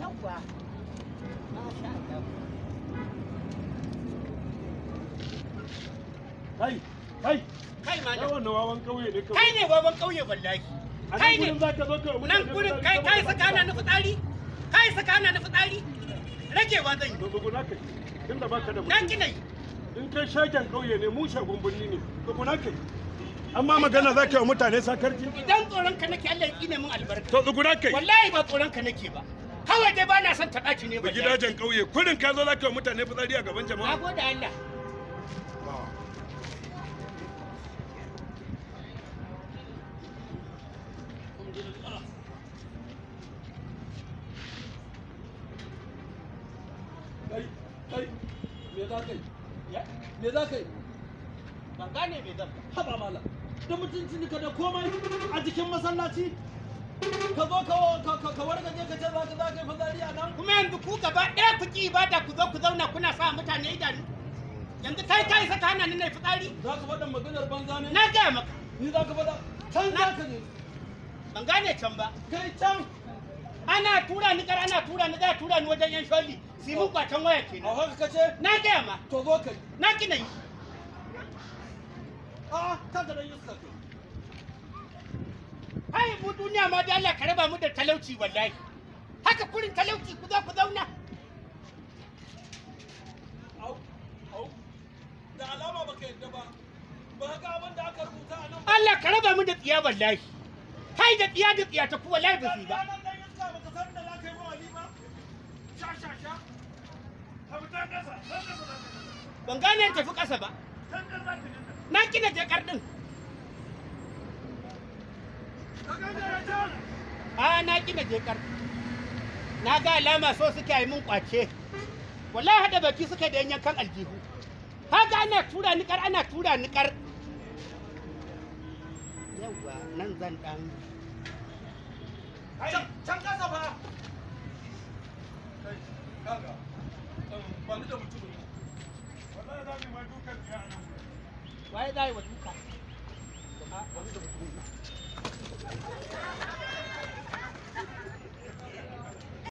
Yawwa. Kai, kai. Kai wawan ne kawai. Kai ne wawan kauye wallahi. Kai ne. Nan gurin kai kai saka na nufi tsari. Kai saka na nufi tsari. ba zan yi. Dogona kai. baka da mutum. In kai shagen ne mu birni ne. kai. amma magana za yi wa mutane sakarci idan tsoron ka nake Allah ya kine albarka to kai wallahi ba tsoron ka nake ba kawai dai ba na son ta ɗaci ne ba gidajen ƙauye kurin ka zo za mutane fitsari a gaban jama'a na gode Allah me za ka yi haba mala da mutuncin ka da komai a jikin masallaci ka zo ka warga kuma yanzu ku gaba ɗaya ku ki ibada ku zo ku zauna kuna sa mutane idanu yanzu kai kai saka hana ni na fitsari za ka faɗa maganar banza ne na gaya maka ni za ka faɗa can za ka ne ban gane can ba kai can ana tura ni kar ana tura ni za tura ni wajen yan sholi su yi mun kwacen waya ke na haka kace na gaya ma to zo kai na kina yi a ta da yi kai ai mu duniya ma da Allah ka raba mu da talauci wallahi haka kurin talauci ku zo ku zauna au au da alama baka yadda ba ba haka abin da aka rubuta a nan Allah ka raba mu da tsiya wallahi kai da tsiya da tsiya ta kuwa wallahi ba su ba ban gane tafi ƙasa ba na kina jakar din a na kina je karfi na ga alama so suke yi mun kwace wallahi hada baki suka da kan aljihu haka ana tura ni kar ana tura ni kar yawa nan zan dan ai can kasa fa kai kaga ban da mutum wallahi za mu mai dukan biya nan waye za wa duka